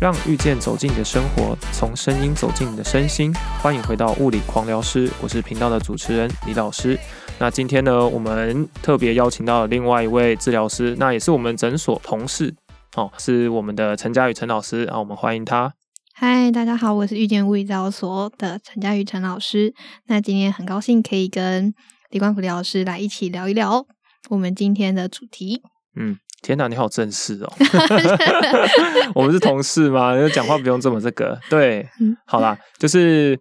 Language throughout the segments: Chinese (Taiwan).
讓遇見走進你的生活，從聲音走進你的身心。歡迎回到物理狂聊師，我是頻道的主持人李老師。那今天呢，我們特別邀請到了另外一位治療師，那也是我們診所同事哦，是我們的陳嘉宇陳老師啊、哦，我們歡迎他。嗨，大家好，我是遇見物理治療所的陳嘉宇陳老師。那今天很高興可以跟李光福李老師來一起聊一聊我們今天的主題。嗯。天哪，你好正式哦！ 我們是同事嘛，就講話不用這麼這個。對，好啦，就是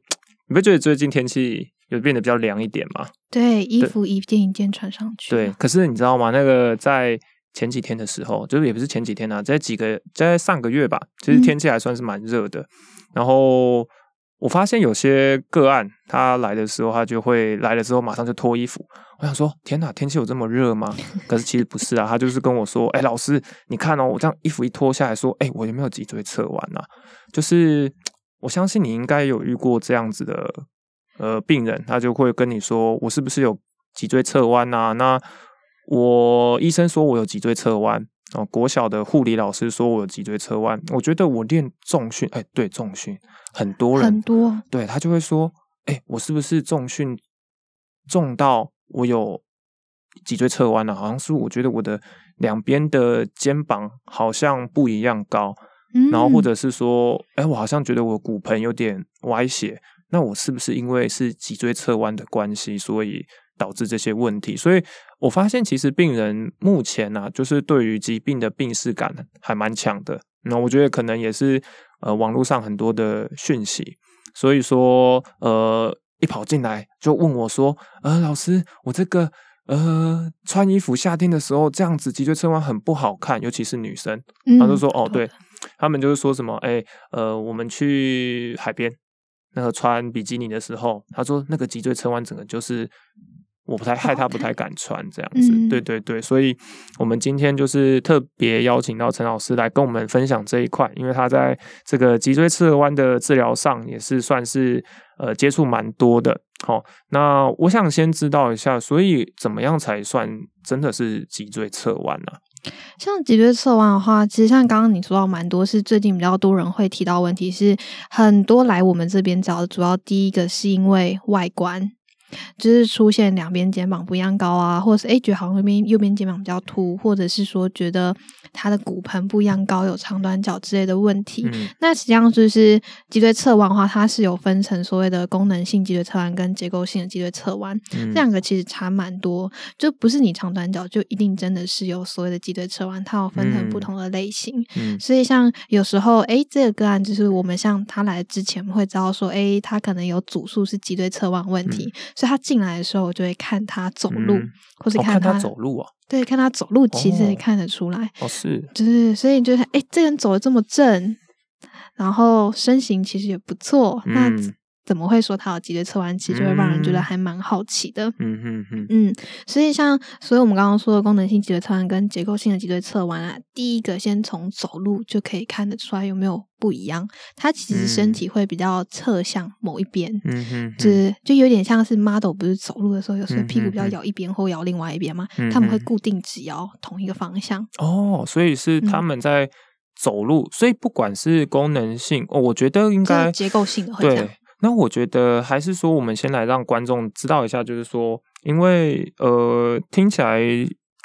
你不覺得最近天氣有變得比較涼一點嗎？對，衣服一件一件穿上去對。對，可是你知道嗎？那個在前幾天的時候，就是也不是前幾天吶、啊，在幾個在上個月吧，其、就、實、是、天氣還算是蠻熱的。嗯、然後我發現有些個案，他來的時候，他就會來了之後馬上就脫衣服。我想說，天哪、啊，天氣有這麼熱嗎？可是其實不是啊。他就是跟我說，哎、欸，老師，你看哦，我這樣衣服一脫下來說，哎、欸，我有沒有脊椎側彎啊？就是我相信你應該有遇過這樣子的呃病人，他就會跟你說，我是不是有脊椎側彎啊？那我醫生說我有脊椎側彎，哦國小的護理老師說我有脊椎側彎。我覺得我練重訓，哎、欸，對，重訓很多人很多，對他就會說，哎、欸，我是不是重訓重到？我有脊椎側彎了，啊，好像是我覺得我的兩邊的肩膀好像不一樣高，嗯，然後或者是說，哎，我好像覺得我骨盆有點歪斜，那我是不是因為是脊椎側彎的關係，所以導致這些問題？所以我發現其實病人目前呢，啊，就是對於疾病的病識感還蠻強的。那我覺得可能也是呃網絡上很多的訊息，所以說呃。一跑進來就問我說：“呃，老師，我這個呃穿衣服夏天的時候這樣子脊椎側彎很不好看，尤其是女生。嗯”他就說：“哦，對，對，他們就是說什麼？哎、欸，呃，我們去海邊那個穿比基尼的時候，他說那個脊椎側彎整個就是。”我不太害怕，不太敢穿這樣子，對對對，所以我們今天就是特別邀請到陳老師來跟我們分享這一塊，因為他在這個脊椎側彎的治療上也是算是呃接觸蠻多的。好，那我想先知道一下，所以怎麼樣才算真的是脊椎側彎呢？像脊椎側彎的話，其實像剛剛你說到蠻多，是最近比較多人會提到問題，是很多來我們這邊找的，主要第一個是因為外觀。就是出現兩邊肩膀不一樣高啊，或者是誒、欸，覺得好像那邊右邊肩膀比較突，或者是說覺得他的骨盆不一樣高，有長短腳之類的問題。嗯、那實際上就是脊椎側彎的話，它是有分成所謂的功能性脊椎側彎跟結構性的脊椎側彎，嗯、這兩個其實差蠻多。就不是你長短腳就一定真的是有所謂的脊椎側彎，它有分成不同的類型。嗯嗯、所以像有時候誒、欸，這個個案就是我們像他來之前會知道說誒，他、欸、可能有主訴是脊椎側彎問題。嗯所以他進來的時候，我就會看他走路，嗯、或是看他、哦、看他走路啊。對，看他走路，其實也看得出來。哦、哦，是，就是，所以就是，哎、欸，這人走的這麼正，然後身形其實也不錯。嗯、那。怎麼會說他有脊椎側彎，其實就會讓人覺得還蠻好奇的。嗯嗯嗯，嗯，所以像，所以我們剛剛說的功能性脊椎側彎跟結構性的脊椎側彎啊，第一個先從走路就可以看得出來有沒有不一樣。他其實身體會比較側向某一邊、嗯，嗯嗯，嗯嗯就是就有點像是 model 不是走路的時候，有時候屁股比較搖一邊或搖另外一邊嘛，嗯嗯嗯嗯、他們會固定只搖同一個方向。哦，所以是他們在走路，嗯、所以不管是功能性哦，我覺得應該是結構性的會這樣對。那我覺得還是說，我們先來讓觀眾知道一下，就是說，因為呃，聽起來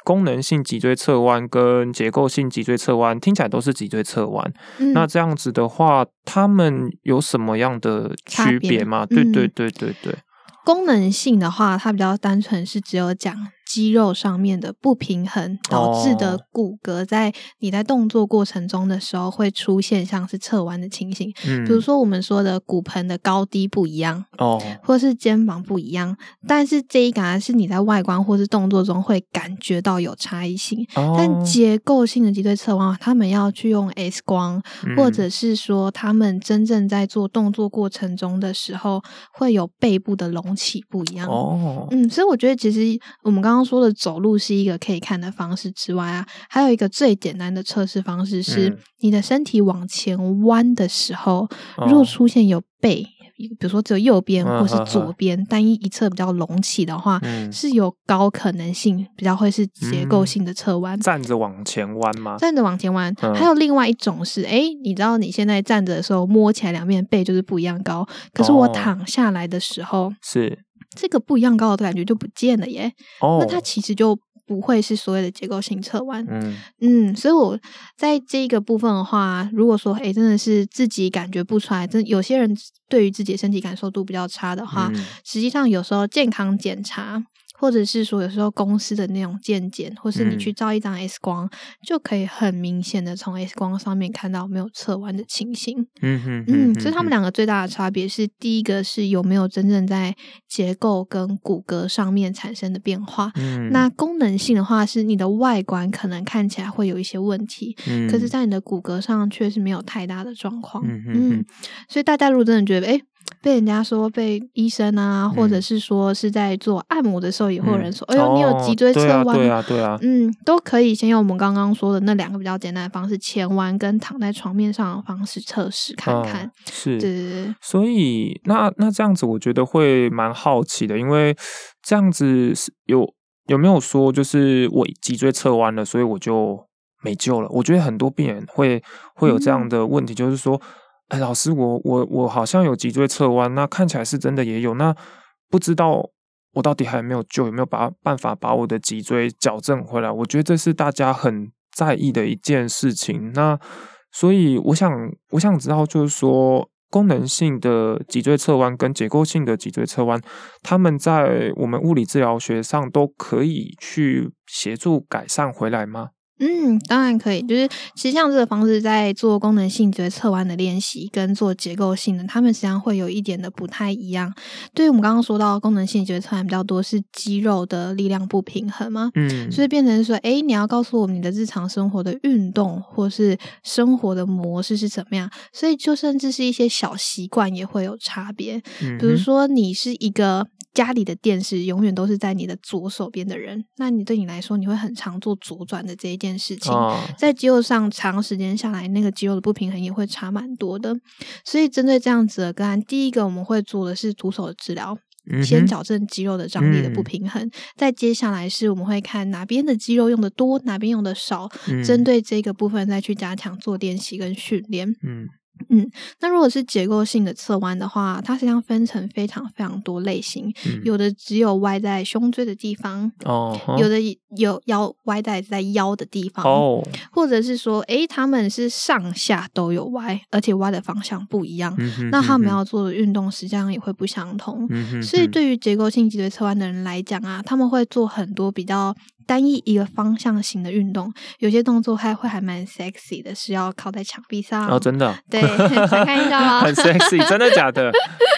功能性脊椎側彎跟結構性脊椎側彎聽起來都是脊椎側彎，嗯、那這樣子的話，它們有什麼樣的區別嗎？差別、嗯、對對對對對，功能性的話，它比較單純是只有講。肌肉上面的不平衡導致的骨骼在你在動作過程中的時候會出現像是側彎的情形，嗯、比如說我們說的骨盆的高低不一樣，哦，或是肩膀不一樣，但是這一感覺是你在外觀或是動作中會感覺到有差異性，哦、但結構性的脊椎側彎，他們要去用 X 光， 嗯、 或者是說他們真正在做動作過程中的時候會有背部的隆起不一樣，哦，嗯，所以我覺得其實我們剛剛。說的走路是一個可以看的方式之外啊，還有一個最簡單的測試方式是，嗯、你的身體往前彎的時候，如果、哦、出現有背，比如說只有右邊或是左邊單呵一一側比較隆起的話，嗯、是有高可能性比較會是結構性的側彎。站着往前彎嗎？站着往前彎。還有另外一種是，哎、嗯，你知道你現在站着的時候摸起來兩面背就是不一樣高，可是我躺下來的時候、哦、是。這個不一樣高的感覺就不見了耶。哦，那它其實就不會是所謂的結構性側彎。嗯嗯，所以我在這個部分的話，如果說誒、欸、真的是自己感覺不出來，真有些人對於自己身體感受度比較差的話，嗯、實際上有時候健康檢查。或者是說，有時候公司的那種健檢或是你去照一張 X 光，嗯、就可以很明顯的從 X 光上面看到沒有側彎的情形。嗯嗯嗯，嗯所以他們兩個最大的差別是，嗯嗯、第一個是有沒有真正在結構跟骨骼上面產生的變化。嗯、那功能性的話，是你的外觀可能看起來會有一些問題，嗯、可是在你的骨骼上卻是沒有太大的狀況。嗯，嗯所以大家如果真的覺得，哎、欸。被人家說被醫生啊，或者是說是在做按摩的時候，也會有人說：“嗯哦、哎呦，你有脊椎側彎嗎？”對啊，對啊，對啊。嗯，都可以先用我們剛剛說的那兩個比較簡單的方式，前彎跟躺在床面上的方式測試看看。嗯、是，對對對。所以，那那這樣子，我覺得會蠻好奇的，因為這樣子是有有沒有說，就是我脊椎側彎了，所以我就沒救了？我覺得很多病人會會有這樣的問題，嗯、就是說。哎，老師，我我我好像有脊椎側彎，那看起來是真的也有。那不知道我到底還有沒有救，有沒有把辦法把我的脊椎矯正回來？我覺得這是大家很在意的一件事情。那所以我想，我想知道，就是說功能性的脊椎側彎跟結構性的脊椎側彎，他們在我們物理治療學上都可以去協助改善回來嗎？嗯，當然可以。就是其實像這個房子在做功能性脊椎側彎的練習，跟做結構性的，他們實際上會有一點的不太一樣。對於我們剛剛說到的功能性脊椎側彎比較多是肌肉的力量不平衡嘛，嗯，所以變成說，哎、欸，你要告訴我們你的日常生活的運動或是生活的模式是怎麼樣，所以就甚至是一些小習慣也會有差別。嗯、哼比如說你是一個。家裡的電視永遠都是在你的左手邊的人，那你對你來說，你會很常做左轉的這一件事情，哦、在肌肉上長時間下來，那個肌肉的不平衡也會差蠻多的。所以針對這樣子的個案，第一個我們會做的是徒手的治療，嗯、哼先矯正肌肉的張力的不平衡，嗯、再接下來是我們會看哪邊的肌肉用得多，哪邊用得少，針、嗯、對這個部分再去加強做練習跟訓練。嗯嗯，那如果是結構性的側彎的話，它實際上分成非常非常多類型，嗯、有的只有歪在胸椎的地方，哦、哈有的有腰歪在在腰的地方，哦、或者是說，誒、欸，他們是上下都有歪，而且歪的方向不一樣，嗯哼嗯哼，那他們要做的運動實際上也會不相同，嗯哼嗯哼，所以對於結構性脊椎側彎的人來講啊，他們會做很多比較。單一一個方向型的運動，有些動作還會還蠻 sexy 的，是要靠在牆壁上。哦，真的、啊？對，再看一下。很 sexy， 真的假的？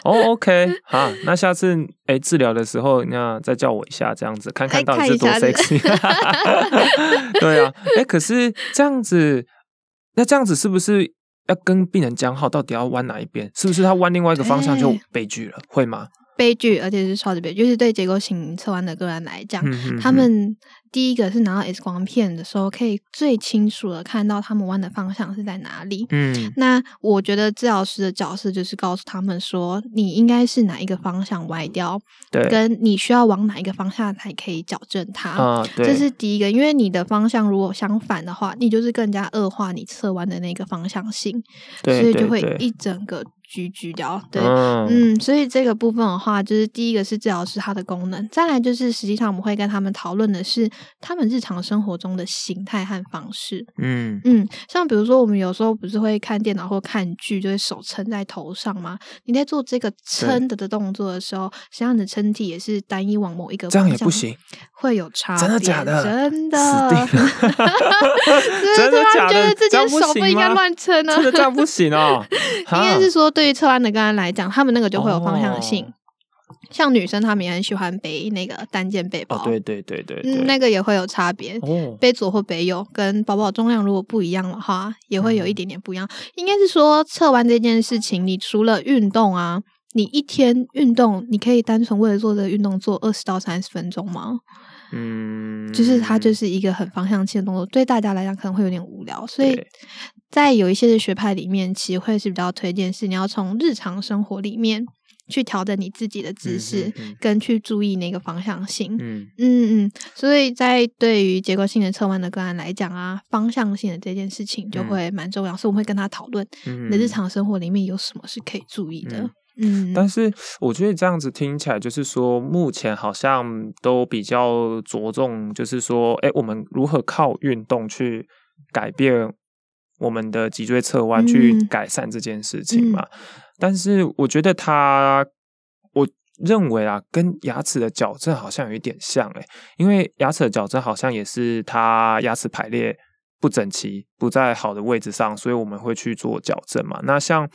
哦、 oh,，OK，好，那下次哎、欸、治療的時候，那再叫我一下，這樣子看看到底是多 sexy。 對啊，哎、欸，可是這樣子，那這樣子是不是要跟病人講好，到底要彎哪一邊？是不是他彎另外一個方向就悲劇了？對會嗎？悲劇，而且是超級悲劇，就是對結構型側彎的個人來講，嗯哼嗯哼他們。第一個是拿到 X 光片的時候，可以最清楚的看到他們彎的方向是在哪裡。嗯，那我覺得治療師的角色就是告訴他們說，你應該是哪一個方向歪掉，對，跟你需要往哪一個方向才可以矯正它。啊，對，這是第一個，因為你的方向如果相反的話，你就是更加惡化你側彎的那個方向性，對，對，對，所以就會一整個。拘拘掉，對，嗯，所以這個部分的話，就是第一個是治療師他的功能，再來就是實際上我們會跟他們討論的是他們日常生活中的形態和方式，嗯嗯，像比如說我們有時候不是會看電腦或看劇，就會手撐在頭上嗎？你在做這個撐的的動作的時候，實際上你的撐體也是單一往某一個方向也不行，會有差，真的假的？真的，真的假的？這樣不行嗎？應該亂撐呢，真的這樣不行哦，應該是說。對於側彎的跟人來講，他們那個就會有方向性。哦、像女生，她們也很喜歡背那個單肩背包。哦、對，對對對對，嗯，那個也會有差別。哦、背左或背右，跟包包重量如果不一樣的話，也會有一點點不一樣。嗯、應該是說，側彎這件事情，你除了運動啊，你一天運動，你可以單純為了做這個運動做二十到三十分鐘嗎？嗯，就是它就是一個很方向性的動作，對大家來講可能會有點無聊，所以。在有一些的學派裡面，其實會是比較推薦是你要從日常生活裡面去調整你自己的姿勢，跟去注意那個方向性。嗯嗯嗯，所以在對於結構性的側彎的個案來講啊，方向性的這件事情就會蠻重要，嗯、所以我們會跟他討論。你的日常生活裡面有什麼是可以注意的？嗯，嗯嗯但是我覺得這樣子聽起來就是說，目前好像都比較着重，就是說，誒、欸，我們如何靠運動去改變。我們的脊椎側彎去改善這件事情嘛，嗯嗯、但是我覺得它，我認為啊，跟牙齒的矯正好像有一點像誒、欸、因為牙齒的矯正好像也是它牙齒排列不整齊，不在好的位置上，所以我們會去做矯正嘛。那像。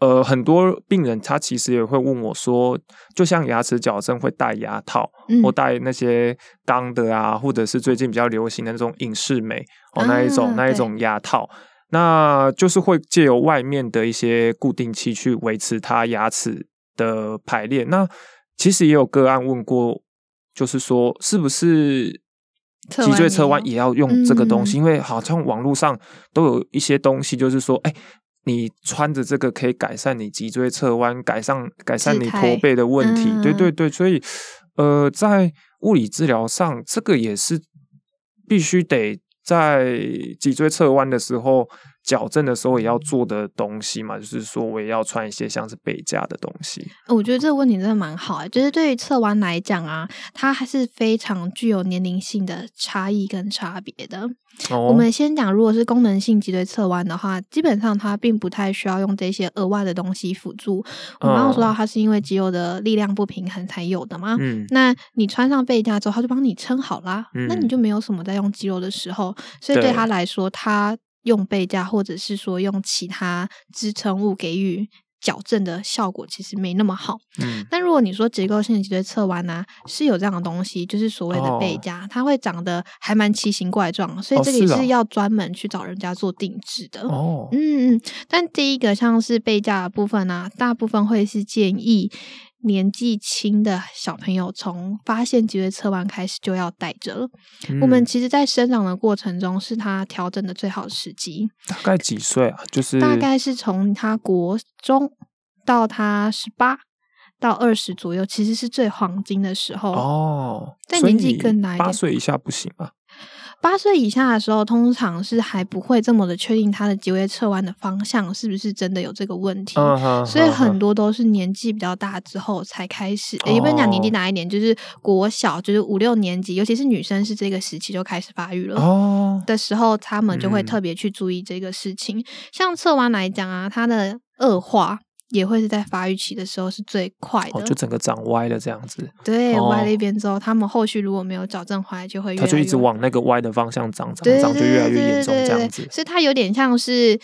呃，很多病人他其實也會問我說，就像牙齒矯正會戴牙套，嗯、或戴那些鋼的啊，或者是最近比較流行的那種隱適美哦，那一種、嗯、那一種牙套，對那就是會借由外面的一些固定器去維持他牙齒的排列。那其實也有個案問過，就是說是不是脊椎側彎也要用這個東西？嗯嗯、因為好像網絡上都有一些東西，就是說，哎。你穿着這個可以改善你脊椎側彎，改善改善你駝背的問題。嗯、對對對，所以，呃，在物理治療上，這個也是必須得在脊椎側彎的時候。矯正的時候也要做的東西嘛，就是說我也要穿一些像是背架的東西。我覺得這個問題真的蠻好、欸、就是對於側彎來講啊，它還是非常具有年齡性的差異跟差別的。哦、我們先講，如果是功能性脊椎側彎的話，基本上它並不太需要用這些額外的東西輔助。我剛剛說到它是因為肌肉的力量不平衡才有的嘛，嗯，那你穿上背架之後，它就幫你撐好啦，嗯、那你就沒有什麼在用肌肉的時候，所以對它來說，它。用背架，或者是說用其他支撐物給予矯正的效果，其實沒那麼好。嗯，但如果你說結構性脊椎側彎呢，是有這樣的東西，就是所謂的背架，哦，它會長得還蠻奇形怪狀，所以這裡是要專門去找人家做定制的。嗯，哦哦，嗯。但第一個像是背架的部分呢，啊，大部分會是建議。年紀輕的小朋友，從發現脊椎側彎開始就要戴着了。嗯、我們其實，在生長的過程中，是他調整的最好的時機。大概幾歲啊？就是大概是從他國中到他十八到二十左右，其實是最黃金的時候哦。在年紀更難一？八歲以，以下不行啊。八歲以下的時候，通常是還不會這麼的確定他的脊椎側彎的方向是不是真的有這個問題，uh huh, uh huh. 所以很多都是年紀比較大之後才開始。欸 oh. 誒一般講年紀大一點，就是國小，就是五六年級，尤其是女生是這個時期就開始發育了，oh. 的時候，他們就會特別去注意這個事情。嗯、像側彎來講啊，他的惡化。也會是在發育期的時候是最快的。哦，就整個長歪了這樣子。對，歪了一邊之後，哦，他們後續如果沒有矯正回來，就會越來越，他就一直往那個歪的方向長，長就越來越嚴重這樣子。所以它有點像是，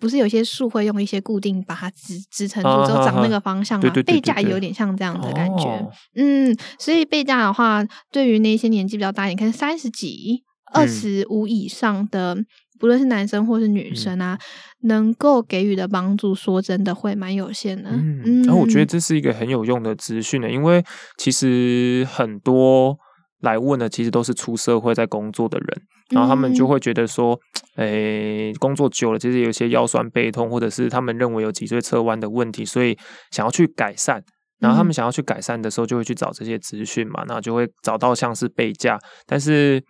不是有些樹會用一些固定把它支支撐住，之後長那個方向嘛，啊？啊啊啊背架有點像這樣的感覺。哦，嗯，所以背架的話，對於那些年紀比較大一點，你看三十幾、二十五以上的，嗯。不論是男生或是女生啊，嗯、能夠給予的幫助，說真的會蠻有限的。嗯，嗯然後我覺得這是一個很有用的資訊的，嗯、因為其實很多來問的，其實都是出社會在工作的人，嗯、然後他們就會覺得說，誒、呃、工作久了，其實有些腰酸背痛，或者是他們認為有脊椎側彎的問題，所以想要去改善，嗯、然後他們想要去改善的時候，就會去找這些資訊嘛，嗯、那就會找到像是背架，但是。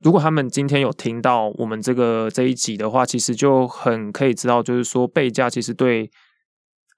如果他們今天有聽到我們這個這一集的話，其實就很可以知道，就是說背架其實對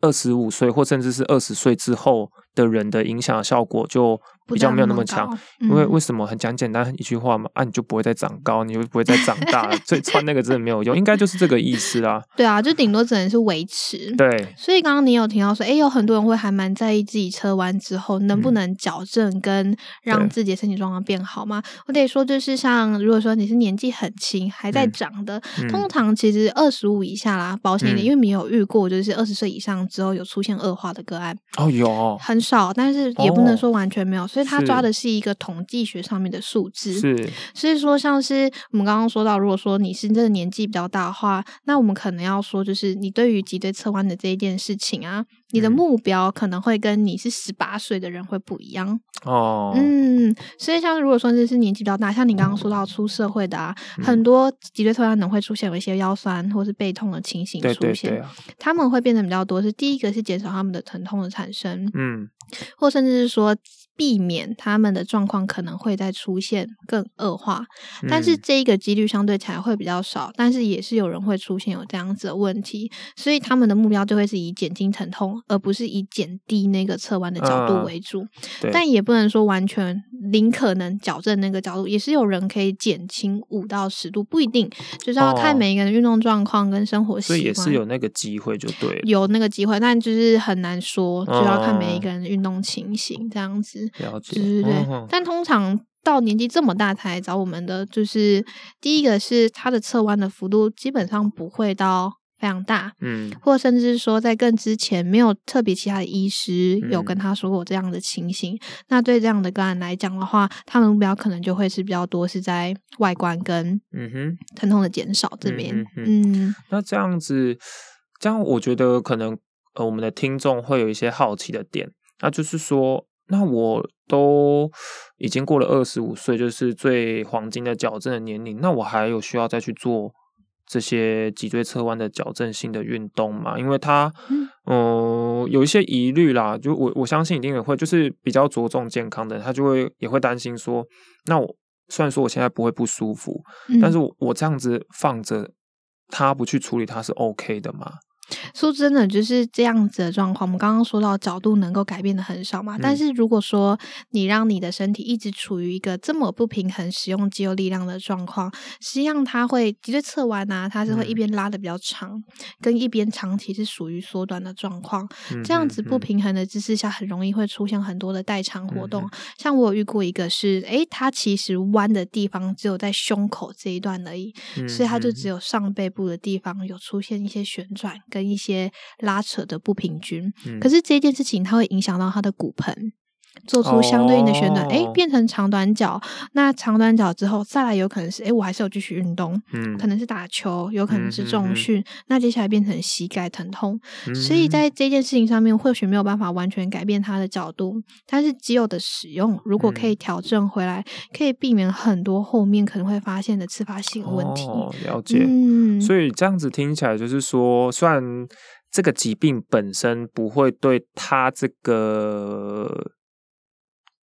二十五歲或甚至是二十歲之後。的人的影響效果就比較沒有那麼強，麼因為為什麼很講簡單一句話嘛、嗯、啊你就不會再長高，你就不會再長大了， 所以穿那個真的沒有用，應該就是這個意思啊。對啊，就頂多只能是維持。對，所以剛剛你有聽到說，哎、欸，有很多人會還蠻在意自己側彎之後能不能矯正跟讓自己的身體狀況變好嗎？對我得說，就是像如果說你是年紀很輕還在長的，嗯、通常其實二十五以下啦，保險一點，嗯、因為沒有遇過就是二十歲以上之後有出現惡化的個案哦呦，有很。少，但是也不能說完全沒有，哦、所以他抓的是一個統計學上面的數字。是，所以說像是我們剛剛說到，如果說你是這個年紀比較大的話，那我們可能要說，就是你對於脊椎側彎的這一件事情啊。你的目標可能會跟你是十八歲的人會不一樣哦，嗯，所以像如果說這是年紀比較大，像你剛剛說到出社會的啊，嗯、很多脊椎側彎的人會出現有一些腰酸或是背痛的情形出現，對對對啊、他們會變得比較多。是第一個是減少他們的疼痛的產生，嗯，或甚至是說。避免他們的狀況可能會再出現更惡化，但是這一個幾率相對才會比較少，嗯、但是也是有人會出現有這樣子的問題，所以他們的目標就會是以減輕疼痛，而不是以減低那個側彎的角度為主。啊、但也不能說完全零可能矯正那個角度，也是有人可以減輕五到十度，不一定，就是要看每一個人的運動狀況跟生活習慣，所以也是有那個機會就對了，有那個機會，但就是很難說，啊、就要看每一個人的運動情形這樣子。了解，對對對。嗯哼。但通常到年紀這麼大才來找我們的，就是第一個是他的側彎的幅度基本上不會到非常大，嗯，或甚至說在更之前沒有特別其他的醫師有跟他說過這樣的情形。嗯、那對這樣的個案來講的話，他們的目標可能就會是比較多是在外觀跟嗯哼疼痛的減少這邊，嗯。嗯，嗯那這樣子，這樣我覺得可能呃我們的聽眾會有一些好奇的點，那就是說。那我都已經過了二十五歲，就是最黃金的矯正的年齡。那我還有需要再去做這些脊椎側彎的矯正性的運動嘛？因為他，嗯、呃，有一些疑慮啦。就我我相信，一定也會就是比較着重健康的人，他就會也會擔心說，那我雖然說我現在不會不舒服，嗯、但是我，我這樣子放着，他不去處理，他是 OK 的嘛？說真的，就是這樣子的狀況。我們剛剛說到角度能夠改變的很少嘛，嗯、但是如果說你讓你的身體一直處於一個這麼不平衡使用肌肉力量的狀況，實際上它會，其實側彎吶、啊，它是會一邊拉的比較長，嗯、跟一邊長，其實是屬於縮短的狀況。嗯嗯嗯、，這樣子不平衡的姿勢下，很容易會出現很多的代償活動。嗯嗯嗯、像我有遇過一個是，是誒，它其實彎的地方只有在胸口這一段而已，嗯嗯嗯、所以它就只有上背部的地方有出現一些旋轉，跟一些拉扯的不平均，嗯，可是這件事情它會影響到他的骨盆。做出相對應的旋轉，誒、哦欸，變成長短腳。那長短腳之後，再來有可能是，誒、欸，我還是有繼續運動，嗯，可能是打球，有可能是重訓。嗯嗯嗯，那接下來變成膝蓋疼痛，嗯嗯，所以在這件事情上面，或許沒有辦法完全改變它的角度，但是肌肉的使用如果可以調整回來，嗯、可以避免很多後面可能會發現的自發性問題。哦，了解，嗯，所以這樣子聽起來就是說，雖然這個疾病本身不會對他這個。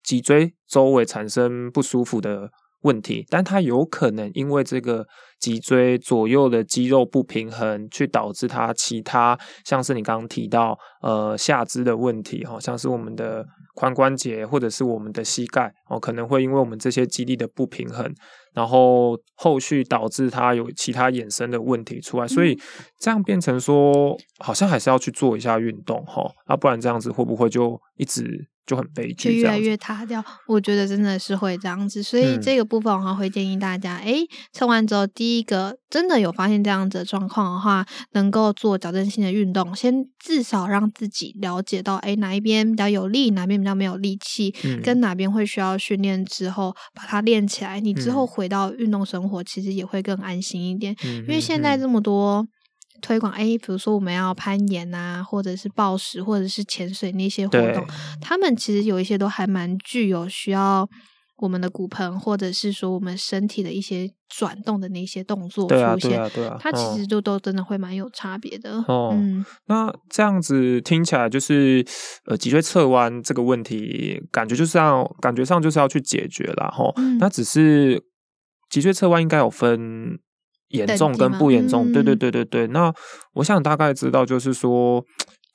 脊椎周圍產生不舒服的問題，但它有可能因為這個脊椎左右的肌肉不平衡，去導致它其他像是你剛剛提到呃下肢的問題哈、哦，像是我們的髖關節或者是我們的膝蓋哦，可能會因為我們這些肌力的不平衡，然後後續導致它有其他衍生的問題出來，嗯、所以這樣變成說好像還是要去做一下運動哈、哦，啊不然這樣子會不會就一直。就很悲劇，就越來越塌掉。我覺得真的是會這樣子，所以這個部分的話，會建議大家，哎、嗯，測、欸、完之後第一個真的有發現這樣子的狀況的話，能夠做矯正性的運動，先至少讓自己了解到，哎、欸，哪一邊比較有力，哪邊比較沒有力氣，嗯、跟哪邊會需要訓練之後把它練起來，你之後回到運動生活、嗯、其實也會更安心一點，嗯、哼哼因為現在這麼多。推廣哎，比如說我們要攀岩啊，或者是抱石，或者是潛水那些活動，他對們其實有一些都還蠻具有需要我們的骨盆，或者是說我們身體的一些轉動的那些動作出現。對啊，對啊，對啊。它其實就都真的會蠻有差別的、啊啊、哦。嗯、那這樣子聽起來就是呃，脊椎側彎這個問題，感覺就是要感覺上就是要去解決了齁。哦嗯、那只是脊椎側彎應該有分。嚴重跟不嚴重，對對對、嗯、對對對對。那我想大概知道，就是說。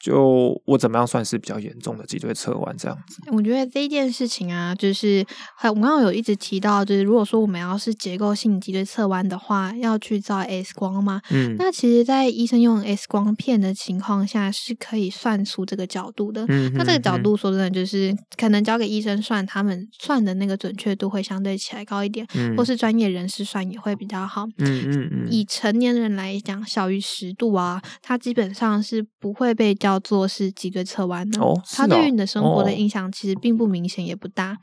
就我怎麼樣算是比較嚴重的脊椎側彎這樣子？我覺得這一件事情啊，就是我剛剛有一直提到，就是如果說我們要是結構性脊椎側彎的話，要去照 X 光嗎？嗯，那其實，在醫生用 X 光片的情況下，是可以算出這個角度的。嗯嗯嗯、那這個角度，說真的，就是可能交給醫生算，他們算的那個準確度會相對起來高一點，嗯、或是專業人士算也會比較好。嗯嗯嗯。嗯嗯嗯，以成年人來講，小於十度啊，他基本上是不會被叫要做是脊椎側彎哦，它對於你的生活的影響其實並不明顯，oh. 也不大，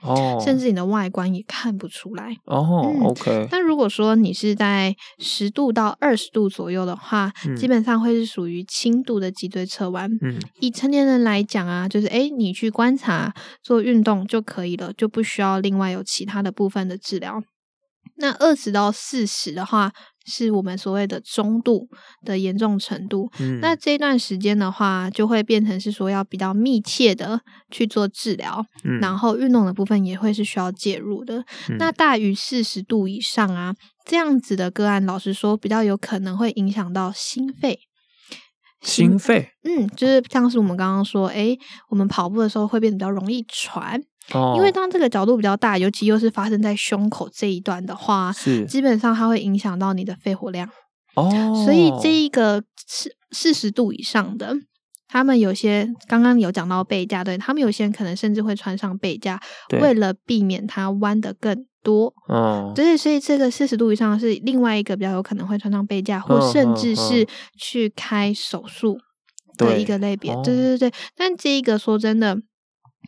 甚至你的外觀也看不出來。哦，OK。那如果說你是在十度到二十度左右的話，嗯、基本上會是屬於輕度的脊椎側彎。嗯、以成年人來講啊，就是哎、欸，你去觀察做運動就可以了，就不需要另外有其他的部分的治療。那二十到四十的話，是我們所謂的中度的嚴重程度，嗯、那這段時間的話，就會變成是說要比較密切的去做治療，嗯、然後運動的部分也會是需要介入的。嗯、那大於四十度以上啊，這樣子的個案，老實說，比較有可能會影響到心肺。心肺，心肺嗯，就是像是我們剛剛說，誒，我們跑步的時候會變得比較容易喘。因為當這個角度比較大，尤其又是發生在胸口這一段的話，是基本上它會影響到你的肺活量。哦，所以這一個四四十度以上的，他們有些剛剛有講到背架，對他們有些人可能甚至會穿上背架，對為了避免它彎得更多。哦，所以所以這個四十度以上是另外一個比較有可能會穿上背架，或甚至是去開手術的一個類別。對、哦、對對對，但這一個說真的。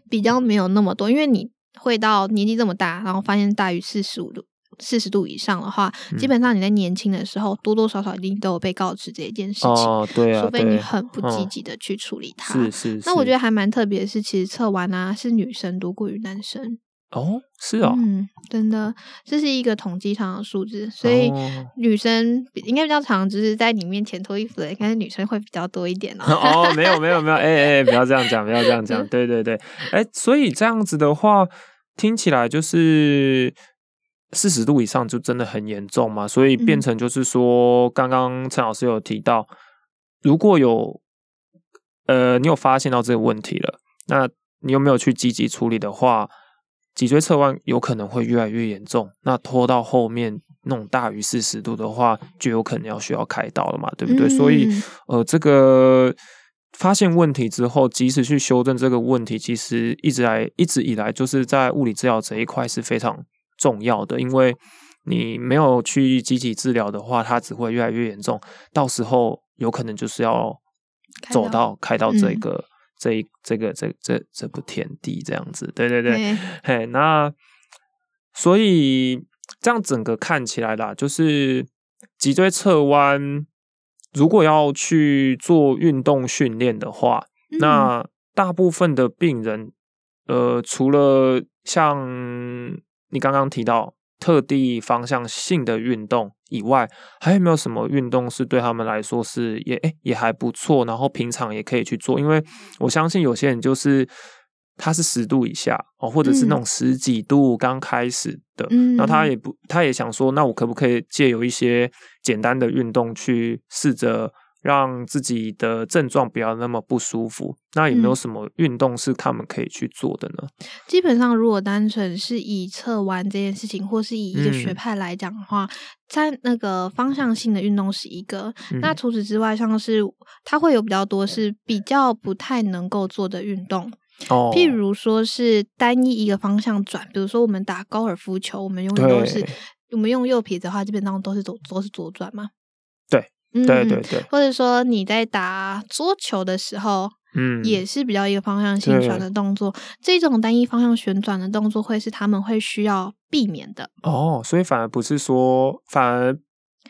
比較沒有那麼多，因為你會到年紀這麼大，然後發現大於四十五度、四十度以上的話，嗯、基本上你在年輕的時候多多少少一定都有被告知這一件事情，哦、對、啊、除非你很不積極的去處理它。是、哦、是。是是那我覺得還蠻特別的是，其實側彎啊，是女生多過於男生。哦，是哦，嗯，真的，這是一個統計上的數字，所以女生、哦、應該比較常就是在你面前脫衣服的，但是女生會比較多一點哦。哦，沒有沒有沒有，哎哎、欸欸欸，不要這樣講，不要這樣講， 對對對，哎、欸，所以這樣子的話，聽起來就是四十度以上就真的很嚴重嘛，所以變成就是說，嗯、剛剛陳老師有提到，如果有呃，你有發現到這個問題了，那你有沒有去積極處理的話，脊椎側彎有可能會越來越嚴重，那拖到後面那種大於四十度的話，就有可能要需要開刀了嘛，對不對？嗯嗯，所以，呃，這個發現問題之後，及時去修正這個問題，其實一直來一直以來就是在物理治療這一塊是非常重要的，因為你沒有去積極治療的話，它只會越來越嚴重，到時候有可能就是要走到開刀，開刀這個。嗯這這個這這這部天地這樣子，對對對，嗯、嘿，那所以這樣整個看起來啦，就是脊椎側彎，如果要去做運動訓練的話，那、嗯、大部分的病人，呃，除了像你剛剛提到特地方向性的運動。以外，還有沒有什麼運動是對他們來說是也哎、欸、也還不錯，然後平常也可以去做。因為我相信有些人就是他是十度以下哦，或者是那種十幾度剛開始的，那、嗯、他也不他也想說，那我可不可以借由一些簡單的運動去試着？讓自己的症狀不要那麼不舒服，那有沒有什麼運動是他們可以去做的呢？嗯、基本上，如果單純是以側彎這件事情，或是以一個學派來講的話，在、嗯、那個方向性的運動是一個。嗯、那除此之外，像是它會有比較多是比較不太能夠做的運動，哦、譬如說是單一一個方向轉，比如說我們打高爾夫球，我們用都是對我們用右撇子的話，基本上都是左都是左轉嘛。對。嗯、對對對，或者說你在打桌球的時候，嗯，也是比較一個方向性旋轉的動作，對這種單一方向旋轉的動作會是他們會需要避免的。哦，所以反而不是說反而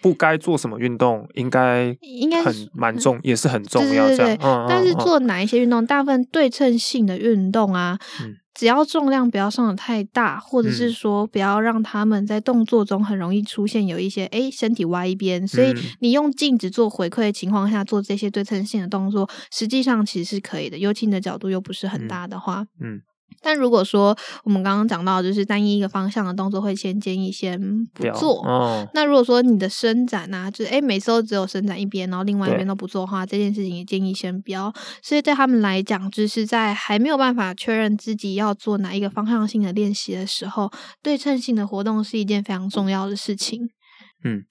不該做什麼運動，應該應該很蠻重，也是很重、嗯、要的、嗯、但是做哪一些運動，嗯、大部分對稱性的運動啊，嗯。只要重量不要上的太大，或者是說不要讓他們在動作中很容易出現有一些誒、嗯欸、身體歪一邊，所以你用鏡子做回饋的情況下做這些對稱性的動作，實際上其實是可以的，尤其你的角度又不是很大的話，嗯。嗯但如果說我們剛剛講到，就是單一一個方向的動作，會先建議先不做哦。那如果說你的伸展啊，就是哎、欸，每次都只有伸展一邊，然後另外一邊都不做的話，對這件事情也建議先不要。所以，對他們來講，就是在還沒有辦法確認自己要做哪一個方向性的練習的時候，對稱性的活動是一件非常重要的事情。嗯，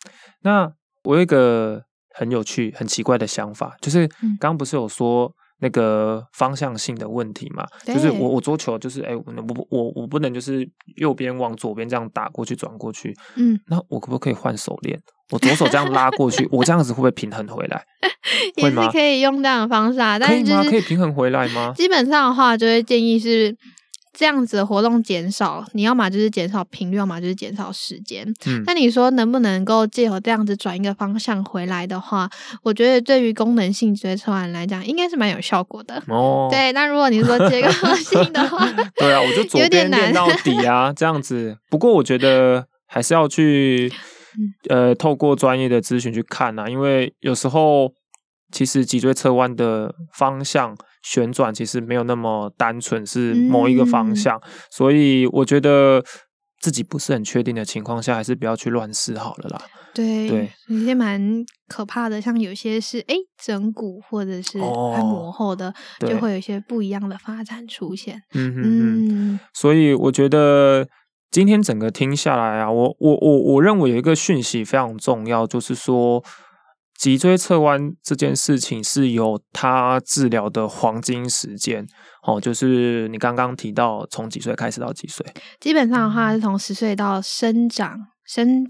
那我有一個很有趣、很奇怪的想法，就是剛,剛不是有說。嗯那個方向性的問題嘛，對就是我我桌球就是哎、欸，我能不我我我不能就是右邊往左邊這樣打過去轉過去，嗯，那我可不可以換手鏈？我左手這樣拉過去， 我這樣子會不會平衡回來？也是可以用這樣的方式啊，嗎但是可以嗎？可以平衡回來嗎？基本上的話，就會建議是。這樣子的活動減少，你要嘛就是減少頻率，要嘛就是減少時間。嗯，那你說能不能夠借由這樣子轉一個方向回來的話，我覺得對於功能性脊椎側彎來講，應該是蠻有效果的。哦，對，那如果你說結構性的話， 對啊，我就左邊練到底啊，有點難，點 這樣子。不過我覺得還是要去，呃，透過專業的諮詢去看吶、啊，因為有時候其實脊椎側彎的方向。旋轉其實沒有那麼單純是某一個方向，嗯、所以我覺得自己不是很確定的情況下，還是不要去亂試好了啦。對，對有些蠻可怕的，像有些是誒、欸、整骨或者是按摩後的，哦、就會有一些不一樣的發展出現。對嗯哼，所以我覺得今天整個聽下來啊，我我我我認為有一個訊息非常重要，就是說。脊椎側彎這件事情是有它治療的黃金時間，哦，就是你剛剛提到從幾歲開始到幾歲，基本上的話是從十歲到生長、嗯、生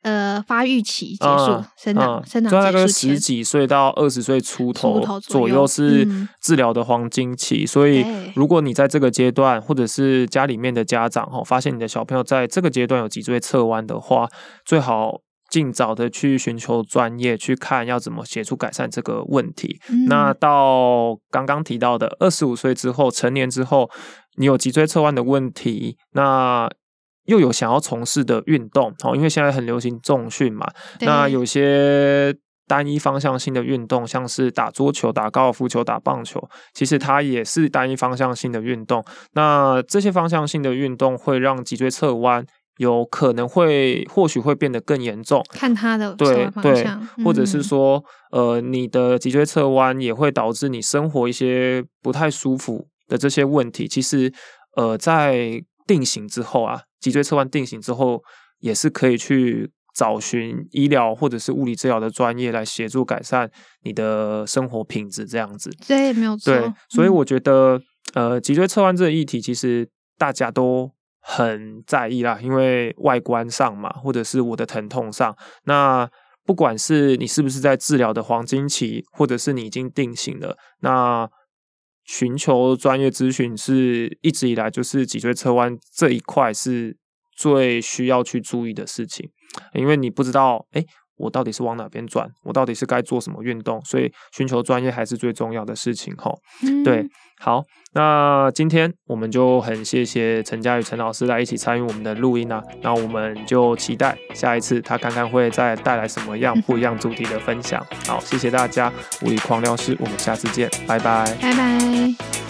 呃發育期結束，嗯、生長、嗯、生長大概十幾歲到二十歲出頭左右是治療的黃金期，嗯、所以如果你在這個階段，嗯、或者是家裡面的家長哦，發現你的小朋友在這個階段有脊椎側彎的話，最好。儘早的去尋求專業，去看要怎麼協助改善這個問題。嗯、那到剛剛提到的二十五歲之後，成年之後，你有脊椎側彎的問題，那又有想要從事的運動，因為現在很流行重訓嘛。對那有些單一方向性的運動，像是打桌球、打高爾夫球、打棒球，其實它也是單一方向性的運動。那這些方向性的運動會讓脊椎側彎。有可能會，或許會變得更嚴重，看他的對對方向，或者是說，嗯、呃，你的脊椎側彎也會導致你生活一些不太舒服的這些問題。其實，呃，在定型之後啊，脊椎側彎定型之後，也是可以去找尋醫療或者是物理治療的專業來協助改善你的生活品質，這樣子。這也沒有錯。對，所以我覺得，嗯、呃，脊椎側彎這個議題，其實大家都很在意啦，因為外觀上嘛，或者是我的疼痛上，那不管是你是不是在治療的黃金期，或者是你已經定型了，那尋求專業諮詢是一直以來，就是脊椎側彎這一塊是最需要去注意的事情，因為你不知道誒、欸我到底是往哪邊轉？我到底是該做什麼運動？所以尋求專業還是最重要的事情吼。嗯、對，好，那今天我們就很謝謝陳佳宇陳老師來一起參與我們的錄音啊。那我們就期待下一次他看看會再帶來什麼樣不一樣主題的分享。嗯、好，謝謝大家，物理狂聊師，我們下次見，拜拜，拜拜。